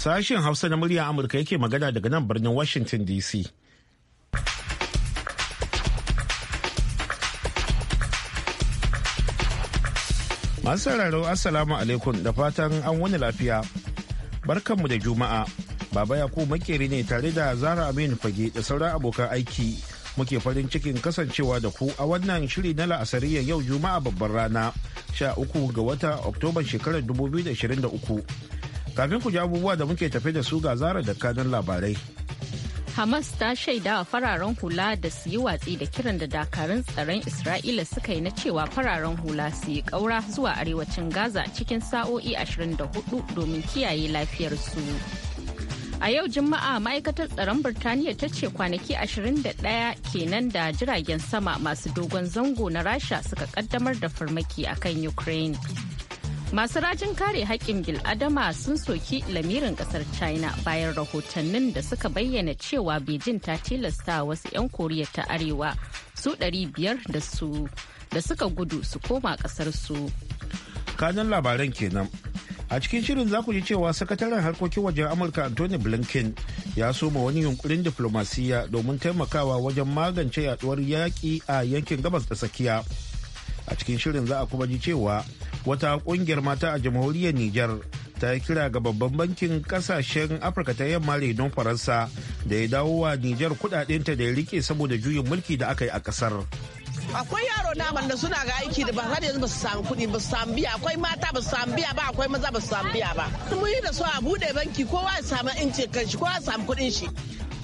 Sashen Hausa na murya Amurka yake magana daga nan birnin Washington DC. Masu sauraro Assalamu alaikum da fatan an wani lafiya. Barkanmu da Juma'a. Baba Yakubu makeri ne tare da Zara Aminu Fage da sauran abokan aiki. Muke farin cikin kasancewa da ku a wannan shiri na la'asariyar yau Juma'a babbar rana, sha uku ga wata Oktoban shekarar 2023. Kafin ku ji abubuwa da muke tafe da su ga zara da kanin labarai. Hamas ta shaida wa fararen hula da su yi watsi da kiran da dakarun tsaron Isra'ila suka yi na cewa fararen hula su yi ƙaura zuwa arewacin Gaza cikin sa'o'i 24 domin kiyaye lafiyar su. A yau Juma'a ma'aikatar tsaron Birtaniya ta ce kwanaki 21 kenan da jiragen sama masu dogon zango na Rasha suka kaddamar da farmaki akan Ukraine. Masu rajin kare haƙƙin bil'adama sun soki lamirin ƙasar China bayan rahotannin da suka bayyana cewa Beijing ta tilasta wasu 'yan Koriya ta Arewa su 500 da su da suka gudu su koma ƙasarsu. su. Kanan labaran kenan. A cikin shirin za ku ji cewa sakataren harkokin wajen Amurka Anthony Blinken ya soma wani yunkurin diflomasiyya domin taimakawa wajen magance yaduwar yaƙi a yankin gabas da tsakiya. a cikin shirin za a kuma ji cewa wata kungiyar mata a jamhuriyar Nijar ta yi kira ga babban bankin kasashen Afirka ta yamma renon Faransa da ya dawo wa Nijar kudadenta da ya rike saboda juyin mulki da aka yi a kasar. akwai yaro na da suna ga aiki da ba har yanzu ba su samu kuɗi ba su samu biya akwai mata ba su samu biya ba akwai maza ba su samu biya ba mun yi da su a bude banki kowa ya samu incin kanshi kowa ya samu kuɗin shi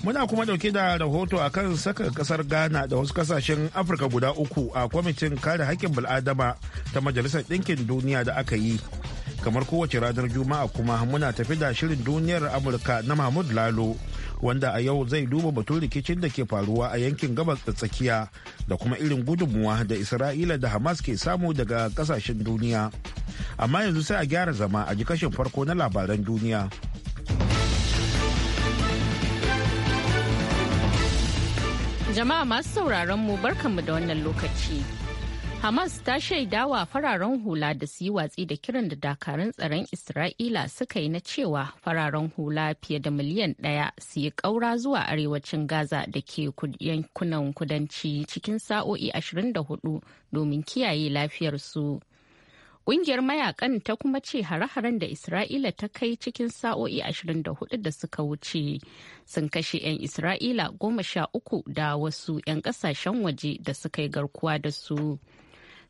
Muna kuma dauke da rahoto a kan saka kasar Ghana da wasu kasashen Afirka guda uku a kwamitin kare hakkin bil'adama ta Majalisar Ɗinkin Duniya da aka yi. Kamar kowace ranar Juma'a kuma muna tafi da shirin duniyar Amurka na Mahmud Lalo wanda a yau zai duba batun rikicin da ke faruwa a yankin gabas da tsakiya da kuma irin gudunmuwa da Isra'ila da Hamas ke samu daga kasashen duniya. Amma yanzu sai a gyara zama a ji kashin farko na labaran duniya. Jama'a masu sauraron mu barkanmu da wannan lokaci. Hamas ta shaidawa fararen hula da su yi watsi da kiran da dakarun tsaron Isra'ila suka yi na cewa fararen hula fiye da miliyan ɗaya su yi ƙaura zuwa arewacin Gaza da ke yankunan kudanci cikin sa'o'i 24 domin kiyaye lafiyarsu. su. Ƙungiyar mayakan ta kuma ce hare-haren da Isra'ila ta kai cikin sa'o'i 24 da suka wuce sun kashe 'yan Isra'ila goma sha uku da wasu 'yan kasashen waje da suka yi garkuwa da su.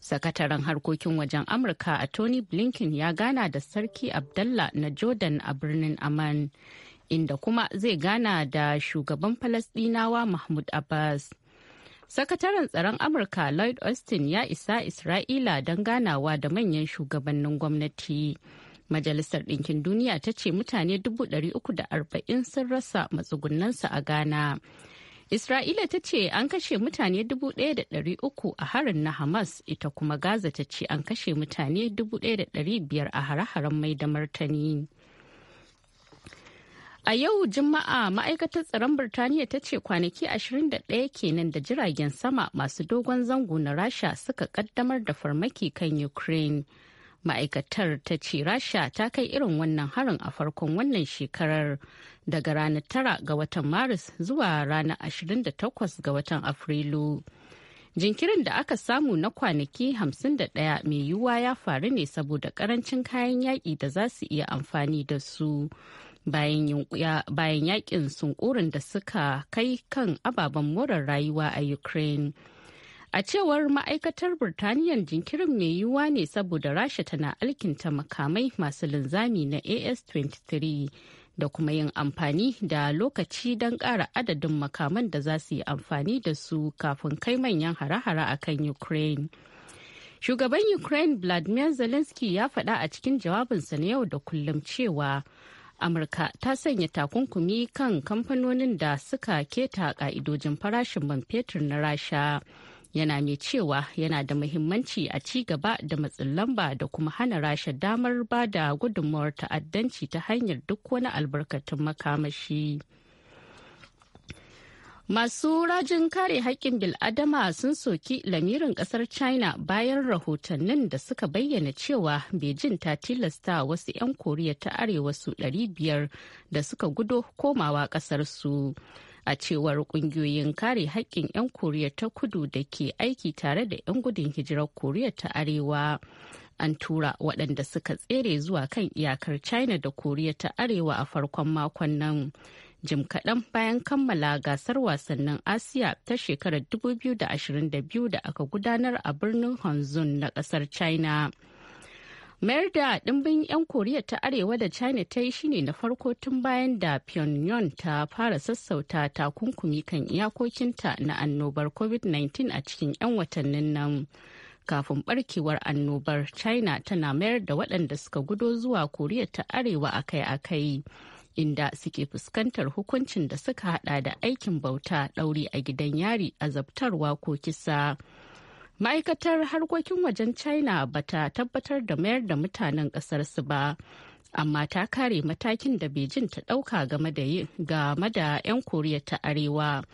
Sakataren harkokin wajen Amurka a Tony Blinken ya gana da Sarki Abdallah na Jordan a birnin Amman, inda kuma zai gana da shugaban Falasɗinawa Mahmud Abbas. Sakataren tsaron Amurka Lloyd Austin ya isa Isra'ila don ganawa da manyan shugabannin gwamnati. Majalisar Ɗinkin Duniya ta ce mutane 340 sun rasa matsugunansu a Ghana. Isra'ila ta ce an kashe mutane 1,300 a harin na Hamas ita kuma Gaza ta ce an kashe mutane 1,500 a hare-haren mai da martani. A yau Juma'a ma'aikatar tsaron Birtaniya ta ce kwanaki 21 kenan da jiragen sama masu dogon zango na Rasha suka kaddamar da farmaki kan Ukraine. Ma'aikatar ta ce Rasha ta kai irin wannan harin a farkon wannan shekarar daga ranar tara ga watan Maris zuwa ranar 28 ga watan Afrilu. Jinkirin da aka samu na kwanaki 51 mai yiwuwa ya faru ne saboda karancin kayan yaƙi da za su iya amfani da su. bayan yakin sunkurin da suka kai kan ababen more rayuwa a ukraine a cewar ma'aikatar birtaniyan jinkirin mai yiwuwa ne saboda rasha tana alkinta makamai masu linzami na as-23 da kuma yin amfani da lokaci don kara adadin makaman da za su yi amfani da su kafin kai manyan hare-hare a kan ukraine shugaban ukraine vladimir zelensky ya faɗa a cikin jawabinsa na yau da kullum cewa amurka ta sanya takunkumi kan kamfanonin da suka keta ka'idojin farashin man fetur na rasha yana mai cewa yana da muhimmanci a ci gaba da matsin lamba da kuma hana rasha damar ba da gudunmawar ta'addanci ta hanyar duk wani albarkatun makamashi. Masu rajin kare haƙƙin bil'adama sun soki lamirin ƙasar China bayan rahotannin da suka bayyana cewa Beijing ta tilasta wasu 'yan Koriya ta Arewa su 500 da suka gudo komawa ƙasarsu. A cewar ƙungiyoyin kare haƙƙin 'yan Koriya ta kudu da ke aiki tare da 'yan gudun hijirar Koriya ta Arewa. an tura waɗanda suka tsere zuwa kan iyakar china da koriya ta arewa a farkon makon nan jim kaɗan bayan kammala gasar wasannin asiya ta shekarar 2022 da aka gudanar a birnin hanzun na ƙasar china mayar da ɗimbin 'yan koriya ta arewa da china ta yi shine na farko tun bayan da pyongyang ta fara sassauta takunkumi kan iyakokinta na annobar covid-19 a cikin 'yan watannin nan kafin barkewar annobar china tana mayar da waɗanda suka gudo zuwa koriya ta arewa akai-akai. inda suke fuskantar hukuncin da suka hada da aikin bauta ɗauri a gidan yari azabtarwa ko kisa. Ma'aikatar harkokin wajen China bata tabbatar da mayar da mutanen ƙasarsu ba. amma ta kare matakin da Beijing ta ɗauka game da 'yan Koriya ta Arewa.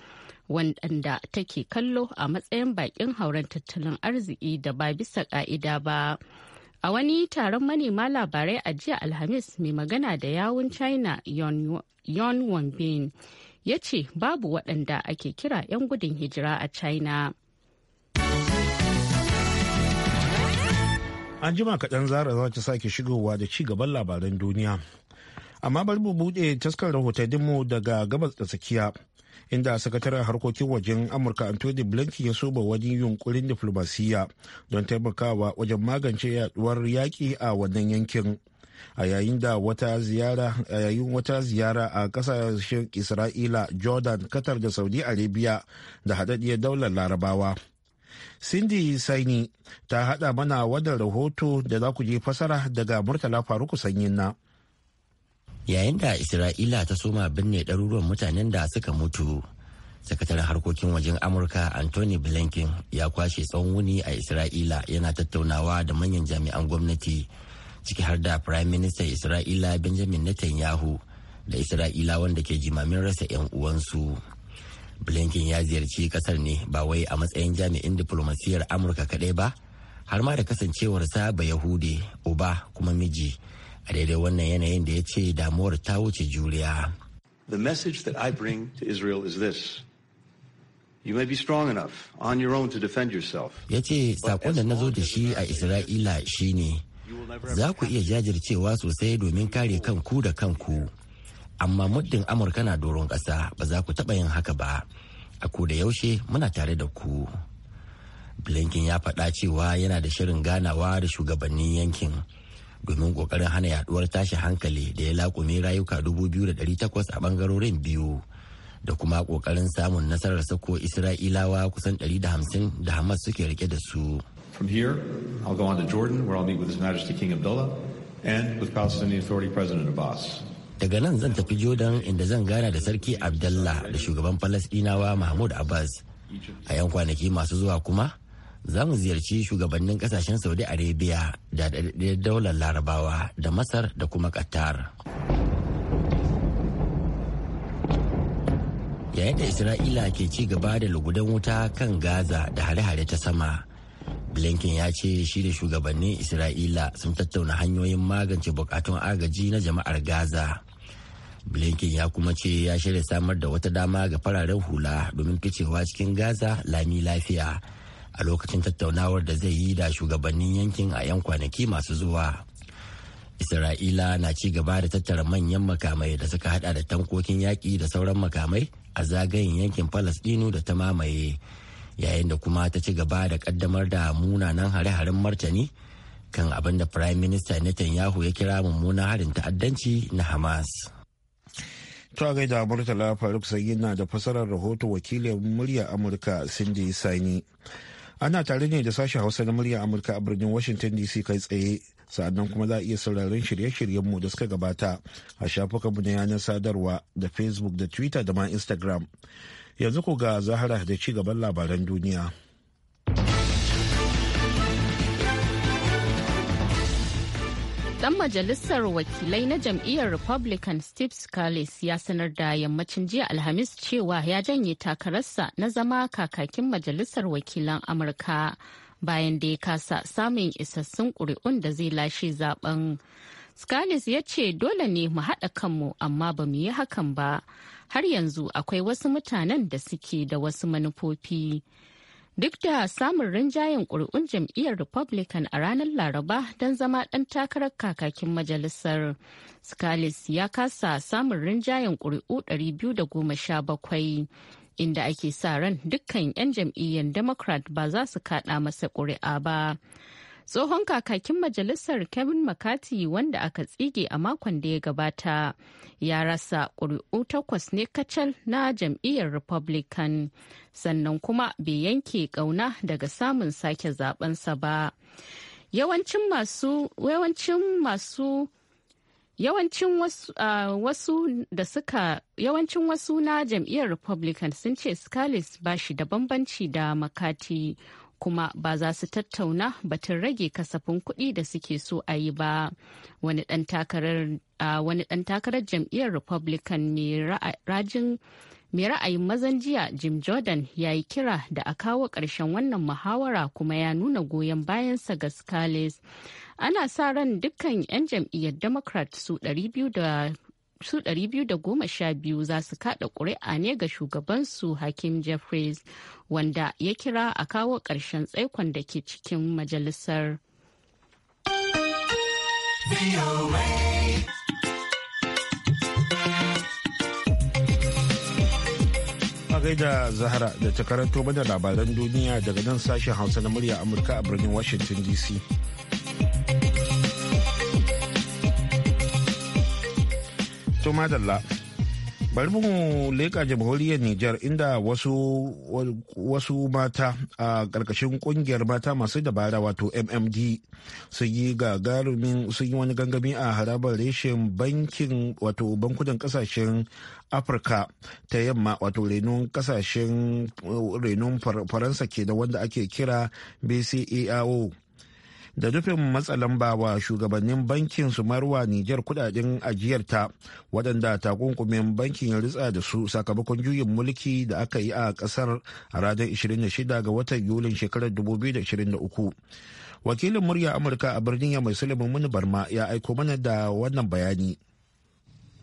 wanda take kallo a matsayin baƙin hauren tattalin arziki da ba bisa ƙa'ida ba. A wani taron manema labarai a jiya Alhamis mai magana da yawun China Yon Wanbin ya ce babu waɗanda ake kira 'yan gudun hijira a China. An jima kaɗan zara za ta sake shigowa da ci gaban labaran duniya. Amma bari mu buɗe taskar rahotanninmu daga gabas da tsakiya. inda sakataren harkokin wajen amurka anthony blinken ya soba wani yunkurin diflomasiyya don taimakawa wajen magance yaduwar yaki a wannan yankin a yayin da wata ziyara a kasashen isra'ila jordan katar da saudi arabia da haɗaɗɗiyar daular larabawa cindy saini ta haɗa mana wannan rahoto da za ku je fasara daga murtala faruku sanyin na yayin da isra'ila ta soma binne ɗaruruwan mutanen da suka mutu sakataren harkokin wajen amurka anthony blinken ya kwashe tsawon wuni a isra'ila yana tattaunawa da manyan jami'an gwamnati ciki har da prime minister isra'ila benjamin netanyahu da isra'ila wanda ke jimamin rasa 'yan uwansu blinken ya ziyarci kasar ne ba wai a matsayin jami'in diplomasiyar amurka kadai ba har ma da kasancewarsa ba yahude uba kuma miji a daidai wannan yanayin da ya ce damuwar ta wuce juriya. The message that I bring to Israel is this. You may be strong enough on your own to defend yourself. Ya ce sakon da na zo da shi a Isra'ila shine za ku iya jajircewa sosai domin kare kanku da kanku. Amma muddin Amurka na doron ƙasa ba za ku taɓa yin haka ba. A da yaushe muna tare da ku. Blinken ya faɗa cewa yana da shirin ganawa da shugabannin yankin. domin kokarin hana yaduwar tashi hankali da ya lakume rayuka 2,800 a bangarorin biyu da kuma kokarin samun nasarar sako isra'ilawa kusan 150 da hamas suke rike da su From here, I'll Jordan, where King Abdullah and with Palestinian Daga nan zan tafi Jordan inda zan gana da Sarki Abdullah da shugaban Falasdinawa Mahmud Abbas. A yan kwanaki masu zuwa kuma, za mu ziyarci shugabannin kasashen saudi arabia da daular larabawa da masar da kuma qatar yayin da isra'ila ke ci gaba da lugudan wuta kan gaza da hare-hare ta sama blinken ya ce shi da shugabannin isra'ila sun tattauna hanyoyin magance bukatun agaji na jama'ar gaza blinken ya kuma ce ya shirya samar da wata dama ga fararen hula domin ficewa cikin gaza lami lafiya a lokacin tattaunawar da zai yi da shugabannin yankin a 'yan kwanaki masu zuwa. Isra'ila na ci gaba da tattara manyan makamai da suka hada da tankokin yaƙi da sauran makamai a zagayen yankin Falasɗinu da ta mamaye, yayin da kuma ta ci gaba da ƙaddamar da munanan hare-haren martani kan abin da prime minister Netanyahu ya kira mummunan harin ta'addanci na Hamas. ta da murtala faruk na da fasarar rahoto wakilin murya amurka cindy sani ana tare ne da sashen hausa na murya amurka a birnin washington dc kai tsaye sannan kuma za a iya sauraron shirye-shiryenmu da suka gabata a shafukanmu na yanar sadarwa da facebook da twitter da ma instagram yanzu ku ga zahara da ci gaban labaran duniya Dan majalisar wakilai na jam'iyyar Republican Steve Scalise ya sanar da yammacin jiya Alhamis cewa ya janye takararsa na zama kakakin majalisar wakilan Amurka bayan da ya kasa samun isassun ƙuri'un da zai lashe zaben. Scalise ya ce dole ne mu haɗa kanmu amma ba mu yi hakan ba. Har yanzu akwai wasu mutanen da suke da wasu manufofi. duk da samun rinjayen ƙuri'un jam'iyyar republican a ranar laraba don zama ɗan takarar kakakin majalisar Scalise ya kasa samun rinjayen ƙuri'u 217 inda ake sa ran dukkan 'yan jam'iyyar democrat ba za su kaɗa masa ƙuri'a ba tsohon kakakin majalisar kevin mccarthy wanda aka tsige a makon da ya gabata ya rasa ƙuri'u takwas ne kacal na jam'iyyar republican sannan kuma bai yanke ƙauna daga samun sake zabensa ba yawancin masu yawancin masu yawancin wasu, da suka yawancin wasu na jam'iyyar republican sun ce scales ba shi da bambanci da makati kuma ba za su tattauna batun rage kasafin kuɗi da suke so a yi ba wani ɗan takarar jam'iyyar republican ne rajin mai ra'ayin mazan jiya jim jordan ya yi kira da a kawo ƙarshen wannan muhawara kuma ya nuna goyon bayansa ga scales ana sa ran dukkan 'yan jam'iyyar democrat su da. su 212 za su kada ƙuri'a ne ga shugabansu hakim jeffries wanda ya kira a kawo ƙarshen tsaikon da ke cikin majalisar gaida zahara da ta karanto mana labaran duniya daga nan sashen hausa na murya amurka a birnin washington dc To madalla. bari mu leƙa jamhuriyar Nijar inda wasu mata a ƙarƙashin ƙungiyar mata masu dabara wato MMD sun yi gagarumin sun yi wani gangami a harabar reshen bankin wato bankunan ƙasashen Afirka ta yamma wato renon ƙasashen renon Faransa ke da wanda ake kira bcao da nufin matsalan bawa shugabannin bankin su marwa Nijar kudaden ajiyarta waɗanda takunkumin bankin ya ritsa da su sakamakon juyin mulki da aka yi a ƙasar a ranar 26 ga watan Yulin shekarar 2023. Wakilin murya Amurka a birnin ya mai Suleiman Muni Barma ya aiko mana da wannan bayani.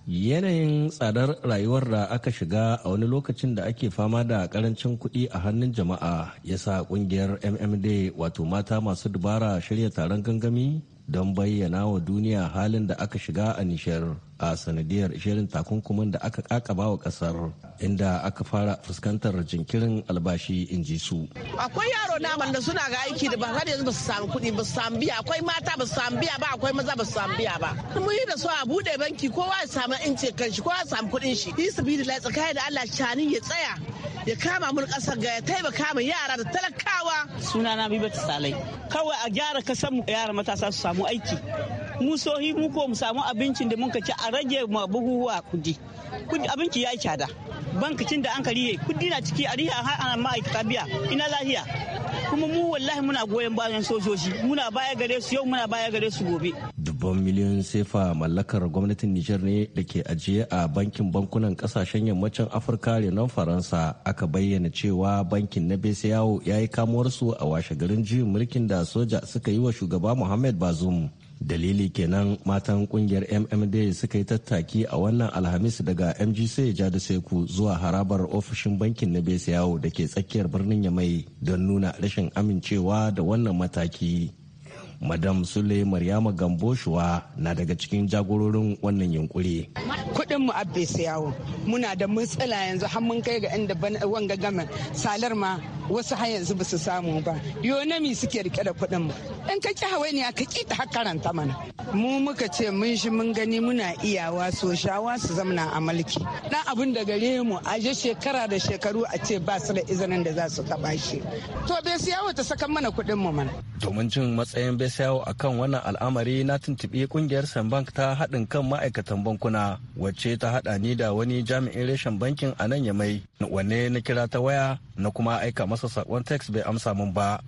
yanayin tsadar rayuwar da aka shiga a wani lokacin da ake fama da karancin kuɗi a hannun jama'a ya sa ƙungiyar mmd wato mata masu dubara shirya taron gangami don bayyana wa duniya halin da aka shiga a nishar a sanadiyar shirin takunkumin da aka kakaba wa kasar inda aka fara fuskantar jinkirin albashi in ji su. Akwai yaro naman da suna ga aiki da ba har yanzu ba su samu kuɗi ba su samu biya akwai mata ba su samu biya ba akwai maza ba su samu biya ba. Mun yi da su a buɗe banki kowa ya samu ince kanshi kowa ya samu kuɗin shi. Isa biyu da tsakaya da Allah cani ya tsaya ya kama mun kasar ga ya taimaka kama yara da talakawa. Sunana bibata Salai. Kawai a gyara kasar mu yara matasa su samu aiki. mu sohi mu ko mu samu abincin da mun ci a rage ma buhuwa kudi abinci ya yi cada bankacin da an kari yi kudi na ciki a har a ma'aikata biya ina lahiya kuma mu wallahi muna goyon bayan sojoji muna baya gare su yau muna baya gare su gobe dubban miliyoyin sefa mallakar gwamnatin Nijar ne da ke ajiye a bankin bankunan kasashen yammacin Afirka renon Faransa aka bayyana cewa bankin na yawo ya yi kamuwarsu a washe garin juyin mulkin da soja suka yi wa shugaba Muhammad Bazoum. dalili kenan matan kungiyar mmd suka yi tattaki a wannan alhamis daga mgc jada seku zuwa harabar ofishin bankin na besiyawo da ke tsakiyar birnin yamai don nuna rashin amincewa da wannan mataki madam sule maryama gamboshuwa na daga cikin jagororin wannan yunkuri kudin mu abbe yawo muna da matsala yanzu har mun kai ga inda wanga gaman salar ma wasu har yanzu ba su samu ba yonami suke rike da kuɗin mu in ka ki ne aka ki ta karanta mana mu muka ce mun shi mun gani muna iyawa so shawa su zamana a mulki na abin da gare mu a je shekara da shekaru a ce ba su da izinin da za su taba shi to yawo ta saka mana kuɗin mu mana domin jin matsayin yawo akan wannan al'amari na tuntuɓi kungiyar bank ta haɗin kan ma'aikatan bankuna wacce ta haɗa ni da wani jami'in reshen bankin a nan ya mai wanne na kira ta waya na kuma aika masa masa sakon text bai amsa min ba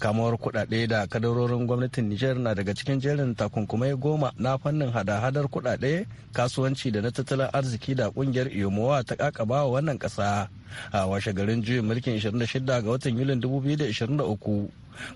kamuwar kuɗaɗe da kadarorin gwamnatin Nijar na daga cikin jerin takunkumai goma na fannin hada-hadar kuɗaɗe kasuwanci da na tattalin arziki da ƙungiyar Iyomowa ta kakaba wannan ƙasa a washe garin juyin mulkin 26 ga watan Yulin 2023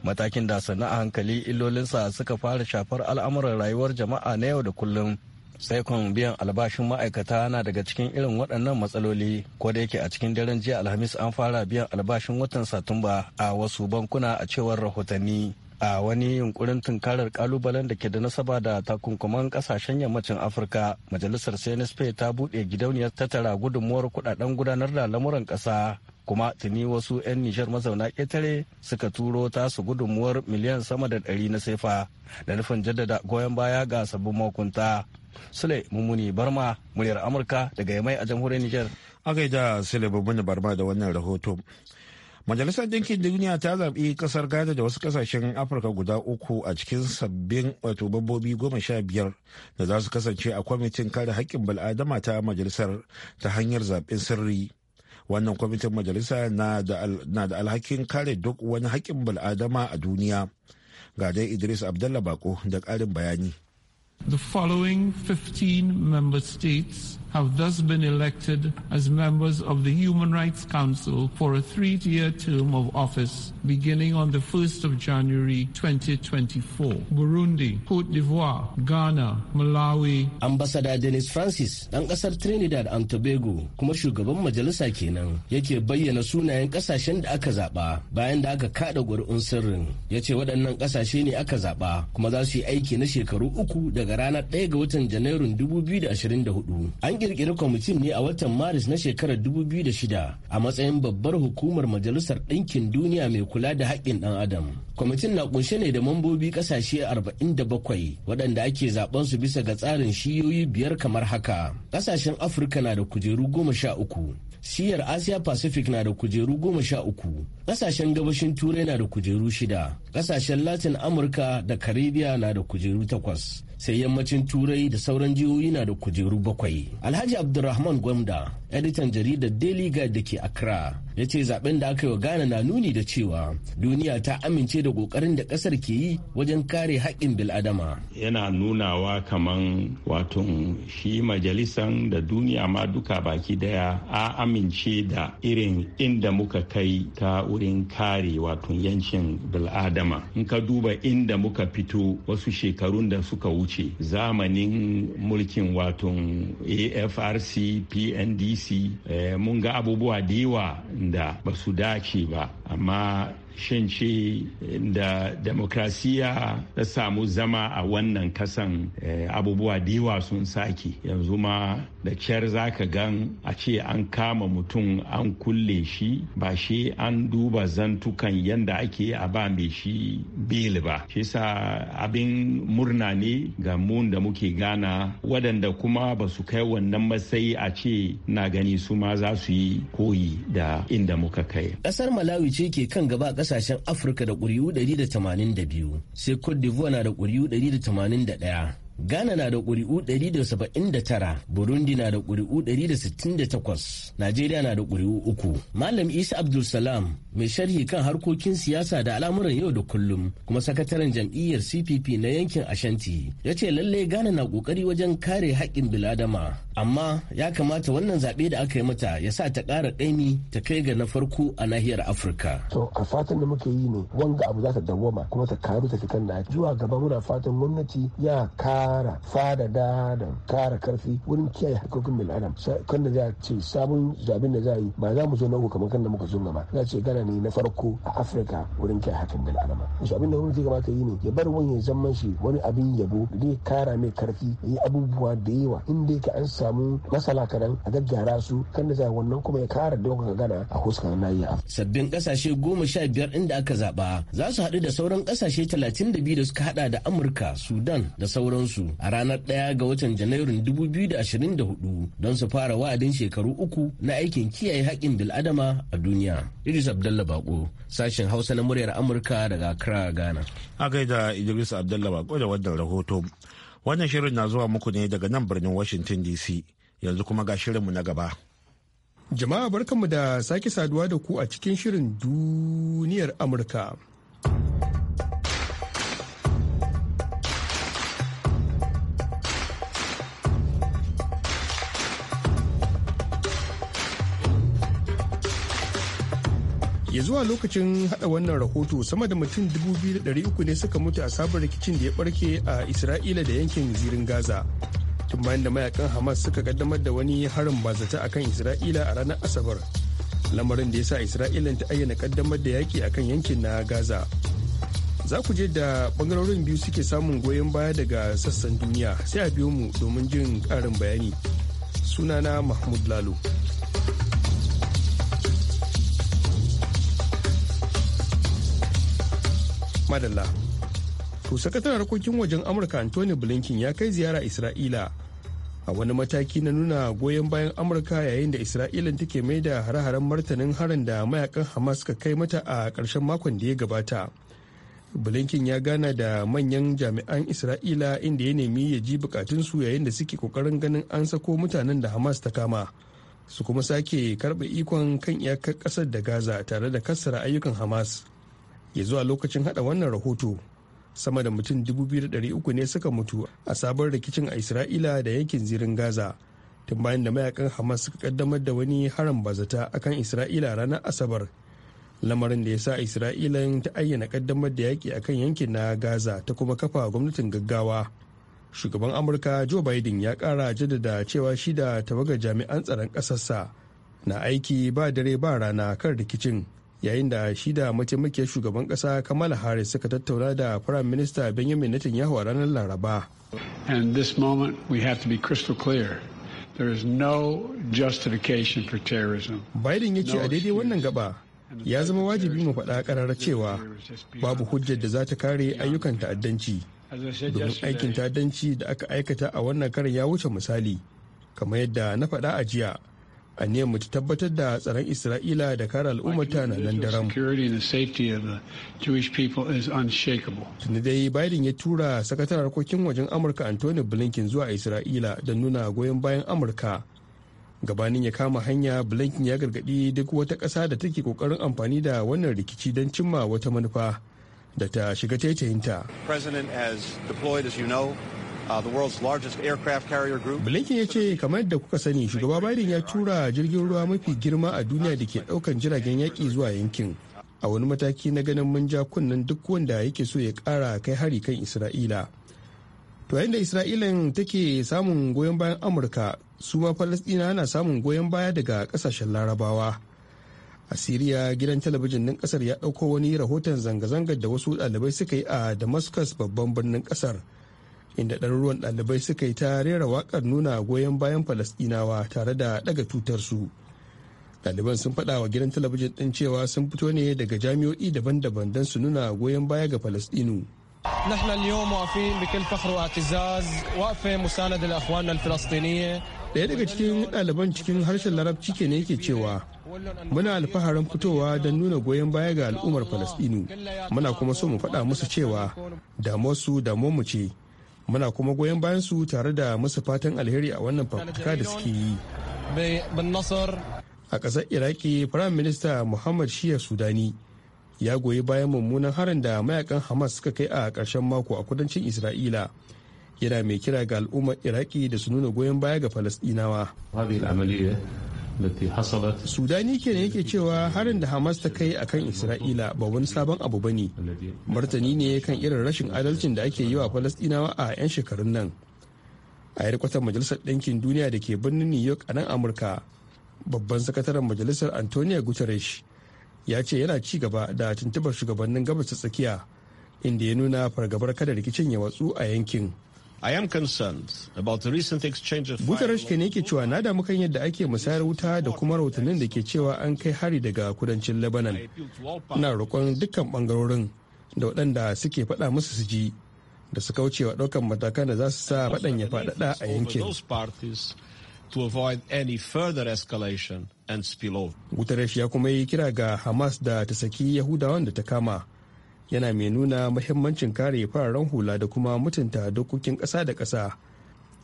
matakin da sannan a hankali illolinsa suka fara shafar al'amuran rayuwar jama'a na yau da kullum. sai biyan albashin ma'aikata na daga cikin irin waɗannan matsaloli ko da yake a cikin daren jiya alhamis an fara biyan albashin watan satumba a wasu bankuna a cewar rahotanni a wani yunkurin tunkarar kalubalen da ke da nasaba da takunkuman kasashen yammacin afirka majalisar cnsp ta buɗe gidauniyar tattara gudunmuwar kudaden gudanar da lamuran ƙasa kuma tuni wasu 'yan nishar mazauna ƙetare suka turo tasu gudunmuwar miliyan sama da ɗari na sefa da nufin jaddada goyon baya ga sabbin makunta sule mummuni barma muryar amurka daga yamai a jamhuriyar nijar a da sule mummuni barma da wannan rahoto Majalisar Dinkin Duniya ta zaɓi ƙasar Ghana da wasu ƙasashen Afirka guda uku a cikin sabbin wato babbobi goma sha biyar da za su kasance a kwamitin kare haƙƙin bal'adama ta majalisar ta hanyar zaɓen sirri. wannan kwamitin majalisa na da alhakin kare duk wani haƙƙin bal'adama a duniya ga dai idris abdallah bako da ƙarin bayani the following 15 member states have thus been elected as members of the Human Rights Council for a three-year term of office beginning on the 1st of January 2024. Burundi, Cote d'Ivoire, Ghana, Malawi. Ambassador Dennis Francis ɗan Trinidad and Tobago kuma shugaban majalisa kenan yake bayyana sunayen ƙasashen da aka zaɓa bayan da aka kaɗa ƙuri'un sirrin akazaba. ce waɗannan ƙasashe ne aka kuma za su yi aiki na shekaru uku daga ranar 1 ga watan Janairun 2024. An kirkiri kwamitin ne a watan maris na shekarar 2006 a matsayin babbar hukumar majalisar ɗinkin duniya mai kula da haƙƙin ɗan adam kwamitin na kunshe ne da mambobi ƙasashe 47 waɗanda ake zaben su bisa ga tsarin shiyoyi biyar kamar haka ƙasashen afirka na da kujeru goma sha uku siyar asia pacific na da kujeru goma sha uku ƙasashen gabashin turai na da kujeru shida ƙasashen latin amurka da Karibiya na da kujeru takwas sai yammacin turai da sauran jihohi na da kujeru bakwai a Alhaji Abdulrahman Gwamda, editan jaridar Daily Guide da ke Accra, ya ce zaben da aka yi wa ghana na nuni da cewa duniya ta amince da kokarin da kasar ke yi wajen kare haƙƙin biladama yana nunawa kaman wato shi majalisan da duniya ma duka baki daya a amince da irin inda muka kai ta wurin kare wato yancin biladama in ka duba inda muka fito wasu shekarun da suka wuce zamanin mulkin wato afrc pndc eh, mun ga abubuwa da yawa da ba su dace ba amma shin eh, da demokrasiya ta samu zama a wannan kasan eh, abubuwa da sun sake yanzu ma da kyar zaka gan a ce an kama mutum an kulle shi ba shi an duba zantukan yadda ake a ba mai shi bil ba shi sa abin murna ne ga mun da muke gana waɗanda kuma ba su kai wannan matsayi a ce na gani su ma za su yi koyi da inda muka kai ƙasar malawi ce ke kan gaba kasashen afirka da ƙuri'u 182 sai cote d'ivoire na da ƙuri'u 181 Ghana na da ƙuri'u 179, Burundi na da ƙuri'u 168, Najeriya na da ƙuri'u uku. Malam Isa Abdulsalam mai sharhi kan harkokin siyasa da al'amuran yau da kullum kuma sakataren jam'iyyar CPP na yankin Ashanti ya ce lallai Ghana na ƙoƙari wajen kare haƙƙin biladama amma ya kamata wannan zaɓe da aka yi mata ya sa ta ƙara ɗaimi ta kai ga na farko a nahiyar afirka to a fatan da muke yi ne wanga abu za ta dawwama kuma ta karu ta kan da zuwa gaba muna fatan gwamnati ya kara fada da da kara karfi wurin kiyaye hakokin bil adam kan da za ce sabon zaɓen da za yi ba za mu zo na uku kamar kan da muka zo gaba za ce gana ne na farko a afirka wurin kiyaye hakokin bil adam shi abin da gwamnati kamata yi ne ya bar wani zama shi wani abin yabo da zai kara mai karfi ya yi abubuwa da yawa inda ka an samu masala kadan a gyaggyara su kan da wannan kuma ya kara dogon gana a huskar nahiya sabbin kasashe goma sha biyar inda aka zaba za su haɗu da sauran kasashe talatin da biyu da suka haɗa da amurka sudan da sauransu a ranar ɗaya ga watan janairun dubu don su fara wa'adin shekaru uku na aikin kiyaye haƙƙin bil'adama a duniya idris abdallah bako sashen hausa na muryar amurka daga accra ghana a gaida idris abdallah bako da wannan rahoto Wannan shirin na zuwa muku ne daga nan birnin Washington DC. Yanzu kuma ga shirinmu na gaba. Jama'a barkanmu da sake saduwa da ku a cikin shirin duniyar Amurka. zuwa lokacin hada wannan rahoto sama da mutum 2,300 ne suka mutu a sabon rikicin da ya barke a isra'ila da yankin zirin gaza tun bayan da mayakan hamas suka kaddamar da wani harin bazata akan isra'ila a ranar asabar lamarin da ya sa isra'ila ta ayyana kaddamar da yaki akan yankin na gaza za ku je da bangarorin biyu suke samun goyon baya daga sassan duniya sai a biyo mu domin jin karin bayani sunana mahmud lalo madalla to sakataren harkokin wajen amurka anthony blinken ya kai ziyara isra'ila a wani mataki na nuna goyon bayan amurka yayin da isra'ila take mai da hare-haren martanin harin da mayakan hamas ka kai mata a karshen makon da ya gabata blinken ya gana da manyan jami'an isra'ila inda ya nemi ya ji bukatunsu yayin da suke kokarin ganin an sako mutanen da hamas ta kama su kuma sake karɓe ikon kan iyakar ƙasar da gaza tare da kassara ayyukan hamas ya zuwa lokacin hada wannan rahoto sama da mutum 2,300 ne suka mutu a sabon rikicin a isra'ila da yankin zirin gaza tun bayan da mayakan hamas suka kaddamar da wani haram bazata akan isra'ila ranar asabar lamarin da ya sa isra'ila ta ayyana kaddamar da yaƙi akan yankin na gaza ta kuma kafa gwamnatin gaggawa shugaban amurka joe biden ya ƙara jaddada cewa shi da tawagar jami'an tsaron ƙasarsa na aiki ba dare ba rana kan rikicin yayin da shi da mataimakiyar shugaban kasa kamala harris suka tattauna da firayim minista benjamin netanyahu a ranar laraba biden ya ce a daidai wannan gaba ya zama wajibi mu faɗa ƙararra cewa babu hujjar da za ta kare ayyukan ta'addanci domin aikin ta'addanci da aka aikata a wannan karin ya wuce misali kamar yadda na faɗa a jiya a mu ta tabbatar da tsaron isra'ila da kare al'ummata na nan daram tuni dai biden ya tura sakatar harkokin wajen amurka anthony blinken zuwa isra'ila don nuna goyon bayan amurka gabanin ya kama hanya blinken ya gargadi duk wata ƙasa da take kokarin amfani da wannan rikici don cimma wata manufa da ta shiga taitayinta. president as you know, Uh, Blinken ya ce kamar da kuka sani shugaba Biden ya tura jirgin ruwa mafi girma a duniya da ke daukan jiragen yaƙi zuwa yankin. A wani mataki na ganin mun ja kunnen duk wanda yake so ya ƙara kai hari kan Isra'ila. To yayin da Isra'ilan take samun goyon bayan Amurka su ma Falasɗina na samun goyon baya daga ƙasashen Larabawa. a siriya gidan talabijin ɗin ƙasar ya ɗauko wani rahoton zanga-zangar da wasu ɗalibai suka yi a damascus babban birnin ƙasar inda ɗaruruwan ɗalibai suka yi ta rera waƙar nuna goyon bayan falasɗinawa tare da ɗaga tutarsu ɗaliban sun faɗa wa gidan talabijin ɗin cewa sun fito ne daga jami'o'i daban-daban don su nuna goyon baya ga falasɗinu نحن اليوم واقفين بكل فخر واعتزاز واقفة مساندة لأخواننا الفلسطينية ɗaya daga cikin ɗaliban cikin harshen larabci ke ne yake cewa muna alfaharin fitowa don nuna goyon baya ga al'ummar falastinu muna kuma so mu faɗa musu cewa damuwarsu mu ce muna kuma goyon bayan su tare da musu fatan alheri a wannan fafutuka da suke yi a ƙasar iraki firayim minista muhammad shiya sudani ya goyi bayan mummunan harin da mayakan hamas suka kai a ƙarshen mako a kudancin isra'ila yana mai kira ga al'ummar iraki da su nuna goyon baya ga falasɗinawa sudani kenan yake cewa harin da hamas ta kai a kan isra'ila ba wani sabon abu ba ne martani ne kan irin rashin adalcin da ake yi wa falastinawa a 'yan shekarun nan a yarkwatar majalisar ɗinkin duniya da ke birnin new york a nan amurka babban sakataren majalisar antonio guterres ya ce yana ci gaba da tuntubar shugabannin gabas ta tsakiya inda ya nuna fargabar kada rikicin ya watsu a yankin I am concerned about the recent exchange of Guterres ke ne ke cewa na damu kan yadda ake musayar wuta da kuma rahotannin da ke cewa an kai hari daga kudancin Lebanon. Ina roƙon dukkan bangarorin da waɗanda suke faɗa musu su ji da su kauce wa ɗaukan matakan da za su sa faɗan ya faɗaɗa a yankin. escalation and Guterres ya kuma yi kira ga Hamas da ta saki Yahudawan da ta kama yana mai nuna mahimmancin kare fararen hula da kuma mutunta dokokin ƙasa da ƙasa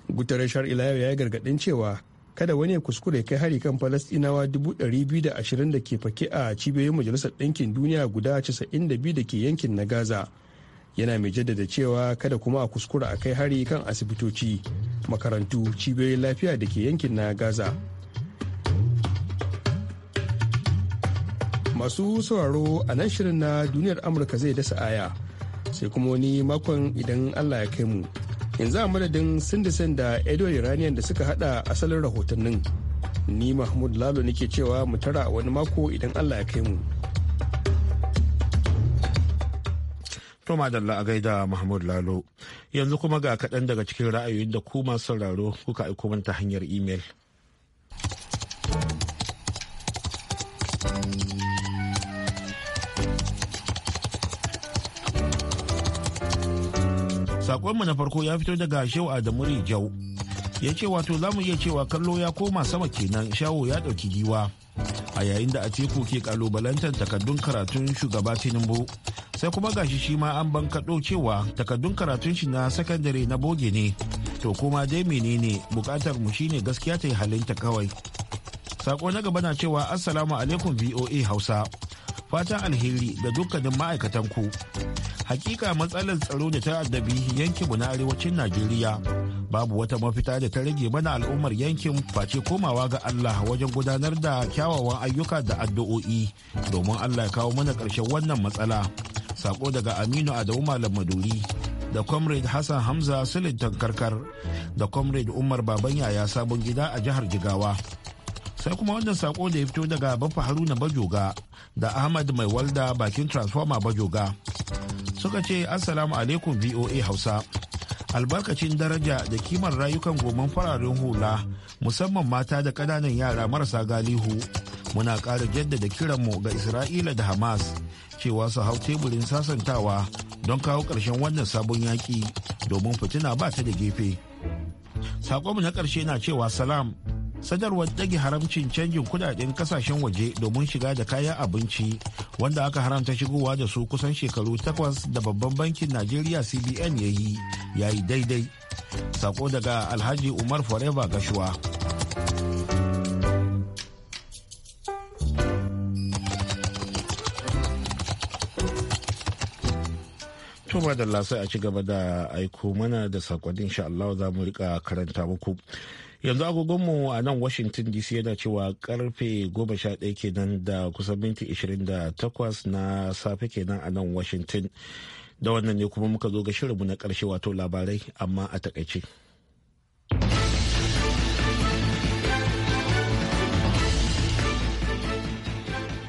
guterres shar ila ya yi gargaɗin cewa kada wani ya kuskure kai hari kan falastinawa biyu da ashirin da ke fake a cibiyoyin majalisar ɗinkin duniya guda 92 da ke yankin na gaza yana mai jaddada cewa kada kuma a kuskura a kai hari kan asibitoci makarantu cibiyoyin lafiya da ke yankin na gaza masu sauraro a nan shirin na duniyar amurka zai dasa aya sai kuma wani makon idan allah ya kai mu yanzu a madadin sindisin da edward iranian da suka hada asalin rahotannin ni mahmud lalo nake cewa mu tara wani mako idan allah ya kai mu To madalla a gaida Mahmud Lalo. Yanzu kuma ga kaɗan daga cikin ra'ayoyin da ku masu sauraro kuka aiko mana ta hanyar imel. Sakonmu na farko ya fito daga Shehu Adamu Rijau. Ya ce wato za mu iya cewa kallo ya koma sama kenan shawo ya ɗauki giwa. A yayin da a Atiku ke kalubalantar takardun karatun shugaba Tinubu. Sai kuma gashi shi ma an ban kaɗo cewa takardun karatun shi na sakandare na boge ne. To kuma dai menene bukatar mu shine gaskiya ta yi halinta kawai. Sako na gaba na cewa Assalamu alaikum VOA Hausa. fatan alheri da dukkanin ma'aikatan ku. Hakika matsalar tsaro da ta addabi yankin mu na arewacin Najeriya babu wata mafita da ta rage mana al'ummar yankin face komawa ga Allah wajen gudanar da kyawawan ayyuka da addu'o'i domin Allah ya kawo mana ƙarshen wannan matsala. Sako daga Aminu Adamu Malam Maduri da Comrade Hassan Hamza Sulin karkar da Comrade Umar Baban Yaya Sabon Gida a jihar Jigawa. sai kuma wannan sako da ya fito daga bafa haruna bajoga da ahmad mai walda bakin transforma bajoga suka ce assalamu alaikum voa hausa albarkacin daraja da kimar rayukan goman fararen hula musamman mata da ƙananan yara marasa galihu muna ƙara jaddada kiranmu ga isra'ila da hamas cewa su hau teburin sasantawa don kawo ƙarshen wannan sabon yaƙi domin fitina ba ta da gefe sakonmu na ƙarshe na cewa salam sadarwar dage haramcin canjin kudaden kasashen waje domin shiga da kayan abinci wanda aka haramta shigowa da su kusan shekaru takwas da babban bankin najeriya cbn ya yi ya yi daidai sako daga alhaji umar forever gashuwa tuma da lasai a ci gaba da aiko mana da sakonni insha Allah za mu rika karanta muku yanzu agogonmu a nan washington dc yana cewa karfe 11 kenan da kusan minti 28 na safe kenan a nan washington da wannan ne kuma muka zo ga shirinmu na karshe wato labarai amma a takaice.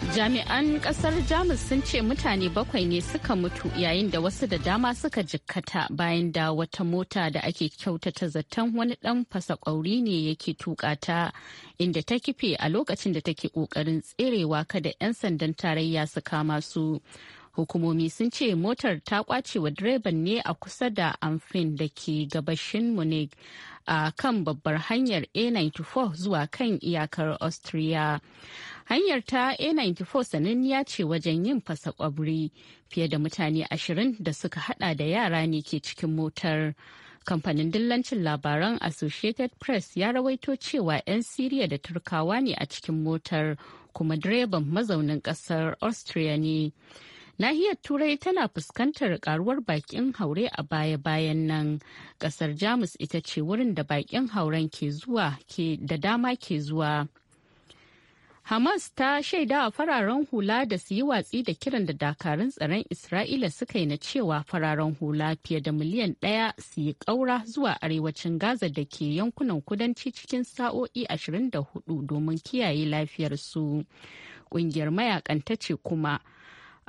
jami'an kasar jamus sun ce mutane bakwai ne suka mutu yayin da wasu da dama suka jikkata bayan da wata mota da ake kyautata zaton wani dan fasakwauri ne yake tukata inda ta kife a lokacin da take kokarin tserewa kada 'yan sandan tarayya su kama su hukumomi sun ce motar ta kwace wa direban ne a kusa da amfin da ke gabashin munich a kan babbar hanyar a94 zuwa kan iyakar austria hanyar ta a94 sananniya ce wajen yin fasa kwabri fiye da mutane ashirin da suka hada da yara ne ke cikin motar kamfanin dillancin labaran associated press ya rawaito cewa 'yan siriya da turkawa ne a cikin motar kuma direban mazaunin kasar austria ne Nahiyar Turai tana fuskantar karuwar bakin haure a baya-bayan nan. Kasar Jamus ita ce wurin da bakin hauren ke zuwa ke da dama ke zuwa. Hamas ta shaida a fararen hula da su yi watsi da kiran da dakarun tsaron Isra'ila suka yi na cewa fararen hula fiye da miliyan ɗaya su yi ƙaura zuwa arewacin Gaza da ke yankunan kudanci cikin sa'o'i 24 domin kiyaye lafiyarsu. Ƙungiyar mayakan ta ce kuma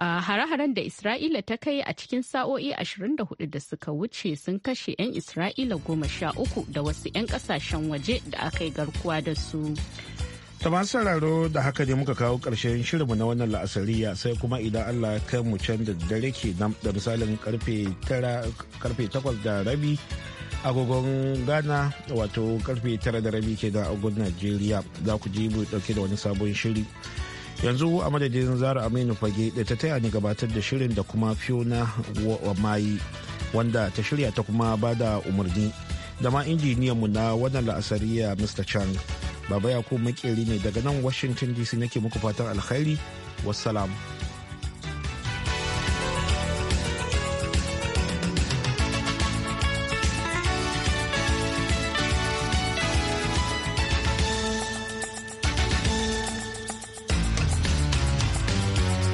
hare-haren da isra'ila ta kai a cikin sa'o'i 24 da suka wuce sun kashe 'yan isra'ila goma sha uku da wasu 'yan kasashen waje da aka yi garkuwa da su ta masu sauraro da haka ne muka kawo ƙarshen shirinmu na wannan la'asariya sai kuma idan allah kai mu can da dare ke da misalin karfe 8 da rabi agogon ghana wato karfe 9 da rabi ke da agogon najeriya za ku ji mu dauke da wani sabon shiri yanzu a madadin zara aminu fage da ta taya ni gabatar da shirin da kuma fiona wa mayi wanda ta shirya ta kuma ba da umarni da ma injiniyanmu na wannan la'asariya mr chang baba ku makeri ne daga nan washington dc nake muku fatan alkhairi wassalamu